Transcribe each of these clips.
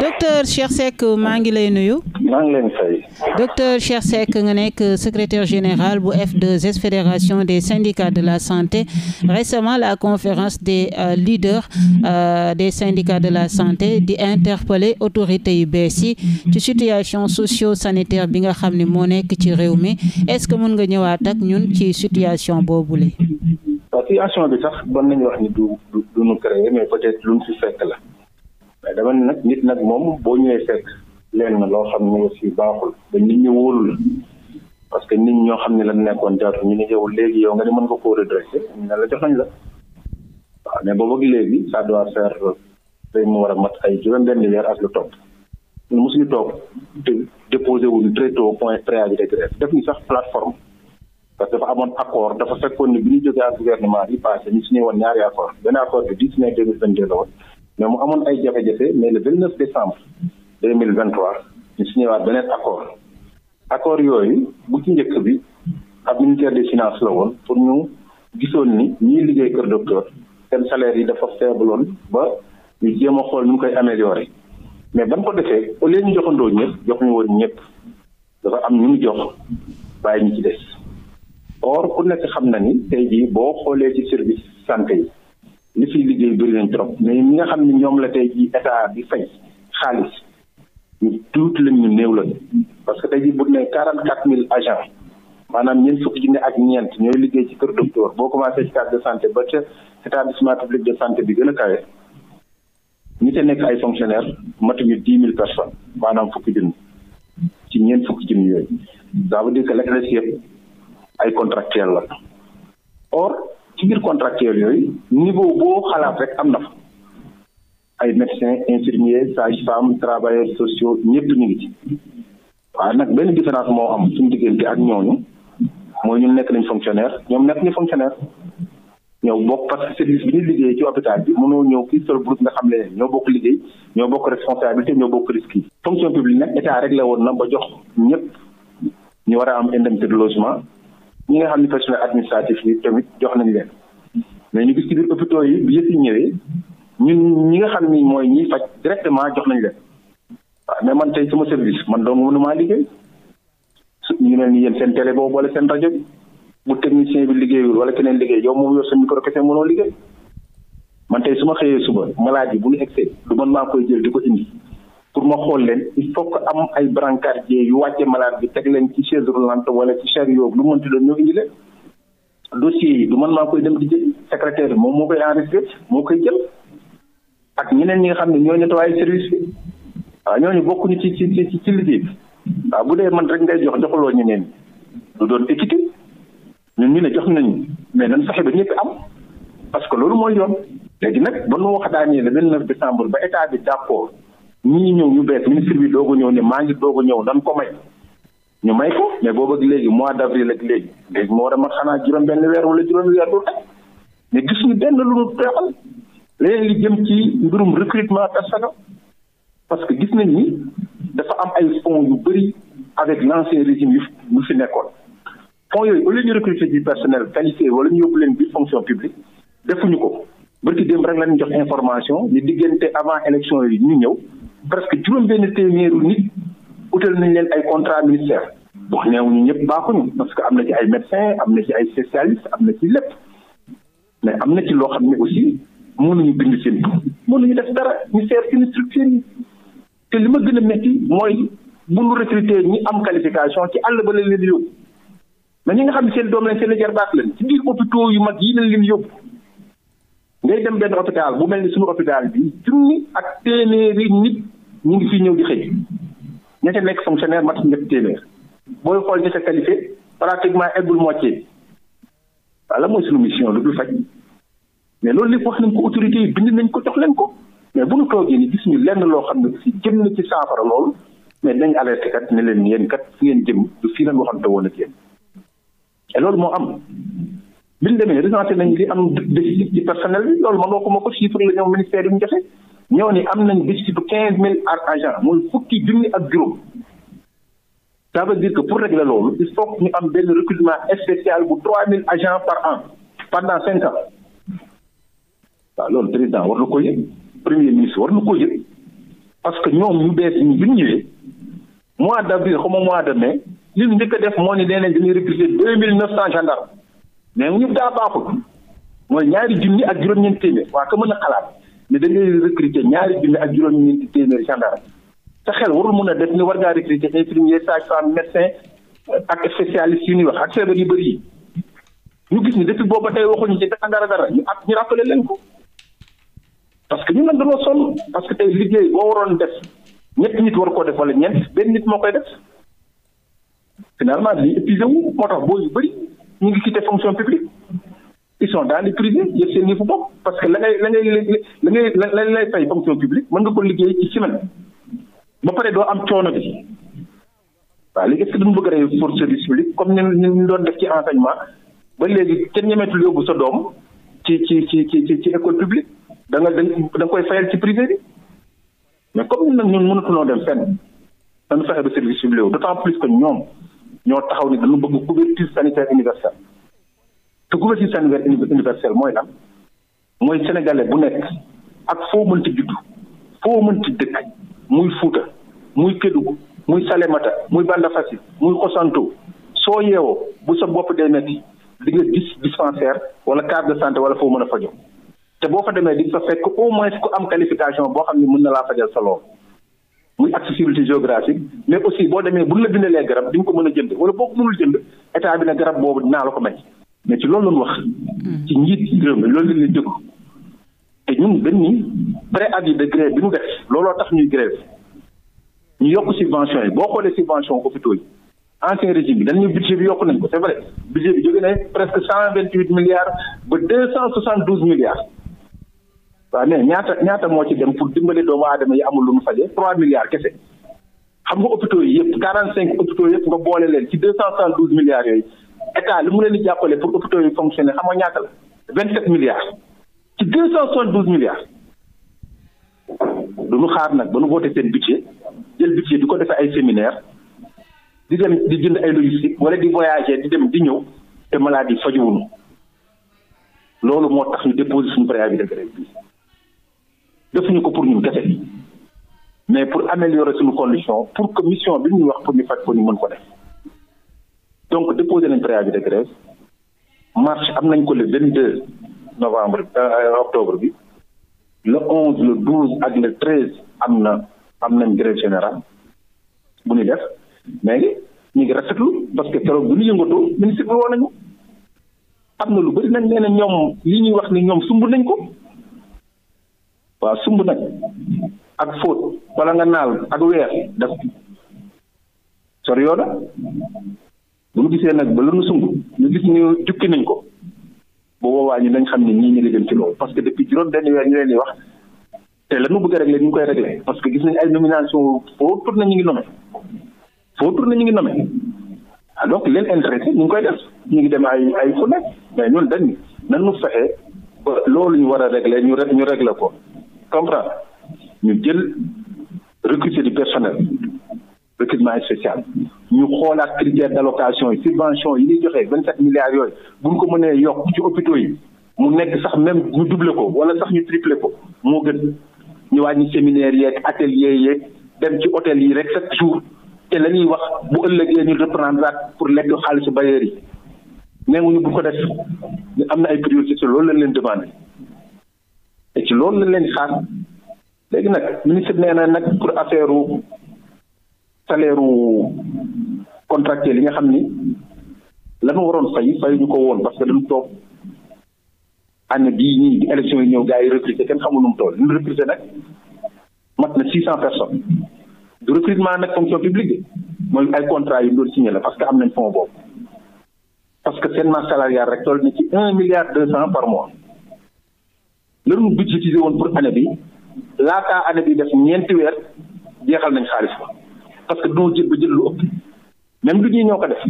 docteur Cheikh Seck maa ngi lay nuyu. maa ngi leen nga nekk secretaire général bu F2S fédération des syndicats de la santé récemment la conférence des euh, leaders euh, des syndicats de la santé di interpeller autorité yu bees yi ci situation socio-sanitaire bi nga xam ni moo nekk ci réew mi est-ce que mën nga ñëwaat ak ñun ci situation boobule. situation bi sax mën nañu wax ni du nu créé mais peut lu mu fekk la. mais dama ne nag nit nag moom boo ñëwee fekk leen na loo xam ne aussi baaxul ba nit ñi wóolu la parce que nit ñoo xam ne lan nekkoon jaatu ñu ne yow léegi yow nga ni mën ko koo redressé ñu ne la jox la waaw mais boobu ak léegi ça doit faire mu war a mat ay juróom-benn ak lu topp ñun mosuñu toog te déposé wuñ très tôt point préavis de grève def ñu sax plateforme parce que dafa amoon accord dafa fekkoon ni bi ñu jógee ak gouvernement bi passé ñu suñuy woon ñaari accord benn accord bi 10 mai 2022 la woon mais mu amoon ay jafe-jafe mais le 29 décembre 2023 ñu signé waat beneen accord accord yooyu bu ci njëkk bi ab ministère des finances la woon pour ñu gisoon ni ñiy liggéey kër docteur seen salaire yi dafa faible woon ba ñu jéem a xool mu koy améliorer mais ban ko defee au ñu joxandoo ñëpp jox ñu woon ñëpp dafa am ñu mu jox bàyyi ñu ci des or ku nekk xam na ni tey jii boo xoolee ci service santé yi li fiy liggéey bëri nañ trop mais mi nga xam ne ñoom la tey ji état bi fay xaalis ñu tuuti lañ ñu néew lañ parce que tey ji bu ne quarante quatre mille agents maanaam ñeent fukki junne ak ñeent ñooy liggéey ci kër docteur boo commencé ci de santé ba ca établissement public de santé bi gën a kawe ñi te nekk ay fonctionnaires matuñu dix mille personnes maanaam fukki junne ci ñeent fukki junne yooyu ça veut dire que la yëpp ay contractuel la ci biir contractuel yooyu niveau boo xalaat rek am na fa ay médecins infirmiers sages-femmes travailleurs sociaux ñëpp ñu ngi ci waa nag benn différence moo am suñ suñu diggante ak ñooñu mooy ñu nekk nañ fonctionnaire ñoom nekk ñu fonctionnaire ñoo bokk parce que service bi ñu liggéey ci hôpital bi mënoo ñëw kii seul groupe nga xam ne ñoo bokk liggéey ñoo bokk responsabilité ñoo bokk risque yi. fonction publique nag état réglé woon na ba jox ñëpp ñu war a am indemnité de logement. ñi nga xam ne personnel administratif yi tamit jox nañ leen mais ñu gis ci biir hôpitaux yi bi yëpp yi ñëwee ñun ñi nga xam ni mooy ñiy faj directement jox nañ leen waaw ah, mais man tey sama service man dong maa liggéey ñu ne ni yéen seen télé boobu wala seen rajo bi bu technicien bi liggéeyul wala keneen liggéey yow moom yor sa micro kese mënoo liggéey man tey su ma xëyee suba malade yi bu ñu egsee du man maa koy jël di ko indi pour ma xool leen il faut que am ay brancardier yu wàcce malaat bi teg leen ci chaise roulante wala ci chariot lu mënti doon ñoo indi leen dossier yi du man maa koy dem di jël secrétaire bi moom moo koy enregistré moo koy jël ak ñeneen ñi nga xam ne ñoo nettoyé service bi waaw ñooñu bokkuñu ci ci ci waaw bu dee man rek ngay jox joxuloo ñeneen du doon équité ñun ñu ne jox nañu mais na fexe ba ñëpp am parce que loolu mooy yoon léegi nag ba nu wax daanee le 29 décembre ba état bi d'accord ñi ñu ñëw ñu bees ministre bi doog a ñëw ne maa ngi doog ñëw dan ko may ñu may ko mais boobu ak léegi mois d' avril ak léegi léegi moo war a xanaa juróom-benn weer wala juróom weer du teg mais gis ñu benn teexal leneen li jëm ci mbirum recrutement personnel parce que gis nañ ni dafa am ay fonds yu bëri avec l' ancien régime yu yu fi nekkoon fonds yooyu u lieu ñu recruter du personnel qualifié wala ñu yóbbu leen biir fonction publique defuñu ko bërki démb rek lañ jox information ñu diggante avant élection yi ñu ñëw presque juróom-benn téeméeru nit utal nañ leen ay contrat ministère bon neewuñu ñëpp baaxuñu parce que am na ci ay médecins am na ci ay spécialistes am na ci lépp mais am na ci loo xam ne aussi mënuñu bind seen tur mënuñu def dara ñu seet seen structure yi te li ma gën a métti mooy bu ñu recruter ñi am qualification ci àll ba lañ leen di yóbbu mais ñi nga xam seen doom lañ seen i jarbaat leen ci biir hôpitaux yu mag yi lañ leen yóbbu ngay dem benn hôpital mel ni suñu hôpital bi ñu ngi fii ñëw di xëy ña ca nekk fonctionnaire mat ñetti téeméer booy xool ñi ca qualifié pratiquement eggul moitié wala mooy suñu mission lu dul faj mais loolu lépp wax nañ ko yi nañ ko jox leen ko mais bu ñu toogee ni gis ñu lenn loo xam ne si jëm na ci saafara loolu mais dañ alerté kat ne leen yéen kat fu ngeen jëm du fii lañ waxante woon ak yéen et loolu moo am biñ demee présenté nañ li am déficit ci personnel bi loolu mënoo ko moo ko chiffre la ñoom ministère yi mu ñëw ni am nañ bis bu quinze mille agent muy fukki junni ak juróom ça veut dire pour régler loolu il faut que ñu am benn recrutement spécial bu trois mille agent par an pendant cinq ans waaw loolu président war na ko yëg premier ministre war na ko yëg parce que ñoom ñu bees ñi bi ñu ñëwee mois d' avril xaw mois de mai li ñu njëkk def moo ni nee nañ dañuy recruter deux mille neuf cent gendarmes mais ñu daa baaxul mooy ñaari junni ak juróom-ñeent téeméer waa ka mën a ne da ngay recruter ñaari junni ak juróom-ñeenti téeméeri gendarme sa xel warul mun a def ni war ngaa recruter infirmier sage-femme médecin euh, ak spécialiste yu ñuy wax ak feebar yu bëri yi ñu gis ni depuis booba tey waxuñu ci dara dara ñu ñu rappelé leen ko parce que ñu nag dañoo sonn parce que tey liggéey boo waroon def ñetti nit war koo def wala ñeent benn nit moo koy def finalement dañuy épuisé wu moo tax boo yu bëri ñu ngi quitté fonction publique ils sont dans le privé yëpp seen yëfu bopp parce que la ngay la ngay la ngay la lay fay fonction publique mën nga ko liggéey ci semaine ba pare doo am coono bi waaw léegi est-ce que bëgg a rey pour service public comme ni ñu doon def ci enseignement ba léegi kenn ñemeetul yóbbu sa doom ci ci ci ci ci école publique da nga da nga koy fayal ci privé bi mais comme ñun nag ñun mënatunoo dem fenn dañu fexe ba service public d'autant plus que ñoom ñoo taxaw ni dañu bëgg couverture sanitaire universelle te couverture sanitaire universelle mooy lan mooy sénégalais bu nekk ak foo mënti juddu foo mënti dëkk muy Fuuta muy Kédougou muy Salémata muy Banda Fassi muy Xosanto soo yeewoo bu sa bopp dee metti di nga gis dispensaire wala carte de santé wala foo mën a fajoo te boo fa demee di fa fekk au moins ko am qualification boo xam ne mën na laa fajal sa lool muy accessibilité géographique mais aussi boo demee buñ la bindalee garab di nga ko mën a jënd wala boo ko mënul jënd bi ne garab boobu dinaa la ko may mais ci loolu lañ wax. Hmm. ci njiit réew mi loolu lañ la jóg. te ñun dañ ni préavis de grève bi mu def looloo tax ñuy grève ñu yokk subvention yi boo xoolee subvention hôpitaux yi ancien régime bi dañu budget bi yokk nañ ko c'est vrai budget bi jóge na presque cent vingt huit milliards ba deux cent soixante douze milliards waaw mais ñaata ñaata moo ci dem pour dimbale doomu aadama yi amul lu mu faje trois milliards kese xam nga hôpitaux yi yëpp quarante cinq boole leen ci deux cent soixante douze milliards yooyu état li mu leen di jàppale pour hôpitaux yi fonctionner xam nga ñaata la vingt sept milliards ci deux cent soixante douze milliards du ñu xaar nag ba nu voté seen budget jël budget di ko defee ay séminaire di dem di jënd ay logistique wala di voyager di dem di ñëw te maladie fajuwunu loolu moo tax ñu déposé suñu préavis de grève bi defuñu ko pour ñun kese mais pour améliorer suñu condition pour que mission bi ñuy wax pour ñu faj ko ñu mën ko def donc déposé nañ préavis de grève marche am nañ ko le 22 novembre euh, octobre bi le 11 le 12 ak le 13 am na am nañ grève général bu nu def mais ñu ngi rafetlu parce que keroog bu ñu yëngatoo ministre bi nañu am na lu bëri nañ nee ñoom li ñuy wax ni ñoom sumb nañ ko waaw sumb nag ak fóot wala nga naal ak weer def sor bu ñu gisee nag ba lu ñu sumb ñu gis ñu jukki nañ ko bu boobaa ñi dañ xam ne ñi ñu ngi jëm ci loolu parce que depuis juróom benn ñu leen wax te la ñu bëgg a régler ñu ngi koy régler parce que gis nañ ay nomination foo tourné ñu ngi nommé foo tourné ñu ngi nommé donc leen intéressé ñu koy def ñu ngi dem ay ay fu nekk mais ñun dañ ni nan ñu ba loolu ñu war a régler ñu ñu régler ko comprendre ñu jël recruter du personnel recrutement spécial ñu xoolaat critère d'allocation yi subvention yi ñuy joxe vingt sept milliards yooyu bu ñu ko mënee yokk ci hôpitaux yi mu nekk sax même ñu double ko wala sax ñu triple ko moo gën ñu wàññi séminaire yeeg atelier yeeg dem ci hôtel yi rek chaque jour te la ñuy wax bu ëllëg ëllëgee ñu reprendre at pour lekk xaalisu bailleurs yi neenguñu bu ko def ñu am na ay priorité loolu lañ leen demandé te ci loolu lañ leen xaar léegi nag ministre nee salaire contractuel li nga xam ni lanu waroon fay fay ñu ko woon parce que dañu toog année bii ñu di élection yi ñëw gars yi recruter kenn xamul nu mu toll ñu recruter nag mat na six cent personnes du recrutement nag fonction publique mooy ay contrat yu doon signé la parce que am nañ fond boobu parce que seen masse salariale rek toll na ci un milliard deux cent par mois lanu budgétisé woon pour année bi laataa année yi def ñeenti weer jeexal nañ xaalis parce que doo jël ba jël lu ëpp même du ñuy ñoo ko def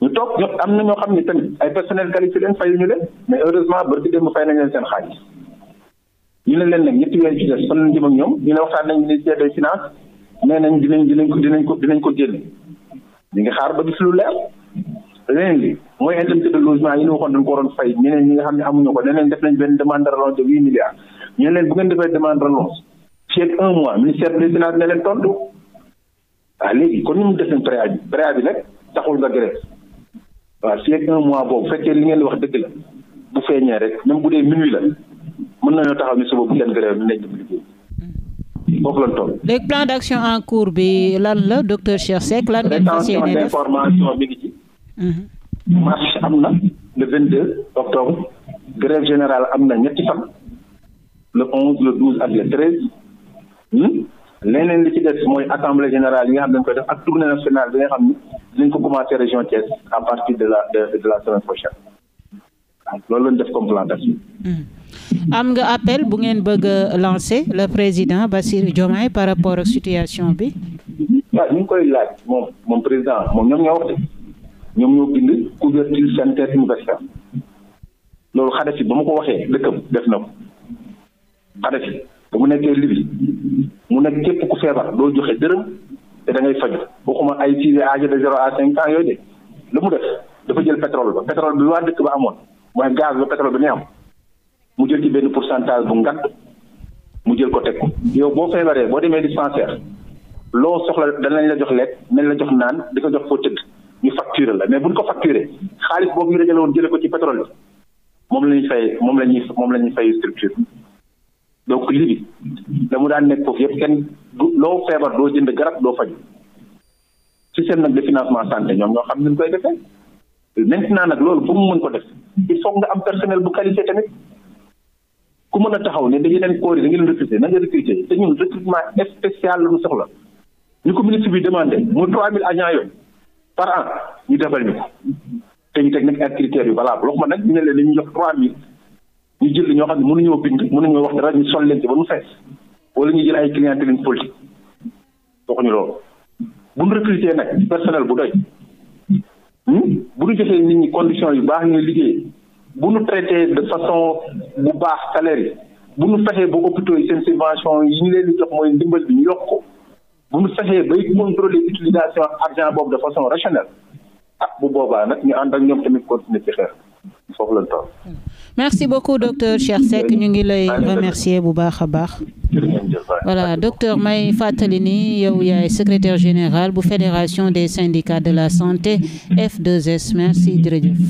ñu toog ño am na ñoo xam ne tamit ay personnel qualifié leen fayuñu leen mais heureusement ba di dem fay nañ leen seen xaalis ñu ne leen nag ñetti weer ci des fan lañ jëm ak ñoom ñu ne waxtaan nañ ministère des finances nee nañ dinañ dinañ ko dinañ ko dinañ ko génne ñu ngi xaar ba gis lu leer leneen li mooy indemnité de logement yi ñu waxoon dañ ko waroon nga xam ne amuñu ko leneen def nañ benn demande de leen bu ngeen defee demande relance fii un mois ministère des finances ne ah léegi kon ñu def nañ préavis bi nag taxul nga grève waaw si ak un mois boobu fekkee li ngeen wax dëgg la bu feeñee rek même bu dee minuit la mën nañoo taxaw ni suba bu leen grève nañ dem liggéey mm-hmm. foofu lañ toll. léegi plan d'action en cours bi lan la docteur Cheikh Seck lan ngeen fas yéene def information mi mm-hmm. am na le 22 octobre grève général am na ñetti fan le 11 le 12 ak le 13. leneen li ci des mooy assemblée générale yi nga xam dañ koy def ak tournée nationale bi nga xam ni dinañ ko commencé région Thiès à partir de la de, la semaine prochaine loolu lañ def comme plantation hmm. am nga appel bu ngeen bëgg a lancer le président Bassirou Diomaye par rapport ak situation bi waaw ñu ngi koy laaj moom moom président moom ñoom ñoo wax de ñoom ñoo bind couverture sanitaire universelle loolu Kadhafi ba mu ko waxee dëkkam def na ko Kadhafi ba mu mu nekk képp ku feebar doo joxe dërëm te da ngay faju waxuma ay ci âgé de zéro à cinq ans yooyu de lu mu def dafa jël pétrole ba pétrole bi waa dëkk ba amoon mooy gaz ba pétrole bi ne am mu jël ci benn pourcentage bu ngat mu jël ko teg ko yow boo feebaree boo demee dispensaire loo soxla danañ la jox lekk nañ la jox naan di ko jox foo tëdd ñu facturé la mais buñ ko facturé xaalis boobu ñu dajale woon jële ko ci pétrole bi moom la ñuy fay moom la ñuy moom la ñuy fay structure donc li da mu daan nekk foofu yëpp kenn du loo feebar doo jënd garab doo faju système nag de financement santé ñoom ñoo xam ne ñu koy defee maintenant nag loolu pour mu mën ko def il foog nga am personnel bu qualité tamit ku mën a taxaw ne dañu leen koori da ngeen recruter na nga recruter te ñun recrutement spécial la ñu soxla ñu ko ministre bi demandé mu 3000 agents yooyu par an ñu defal ñu te ñu teg nag ay critères yu valable waxuma nag ñu ne leen dañuy jox 3000. ñu jël ñoo xam ne mënuñoo bind mënuñoo wax dara ñu sol leen ci ba mu fees wala ñu jël ay clientèle politique waxuñu loolu bu ñu recruter nag personnel bu doy hmm? bu ñu joxee nit ñi conditions yu baax ñuy liggéey bu ñu traité de façon bu baax salaire bu nu fexee ba hôpitaux yi seen subvention yi ñu leen di jox mooy ndimbal bi ñu yokk ko bu ñu fexee bay contrôler utilisation argent boobu de façon rationnelle ah bu boobaa nag ñu ànd ak ñoom tamit continuer ci xeex foofu la toll merci beaucoup docteur Cheikh Seck ñu ngi lay remercier bu baax a baax voilà docteur may fàttali ni yow yaay secretaire général bu fédération des syndicats de la santé f deux s merci jërëjëf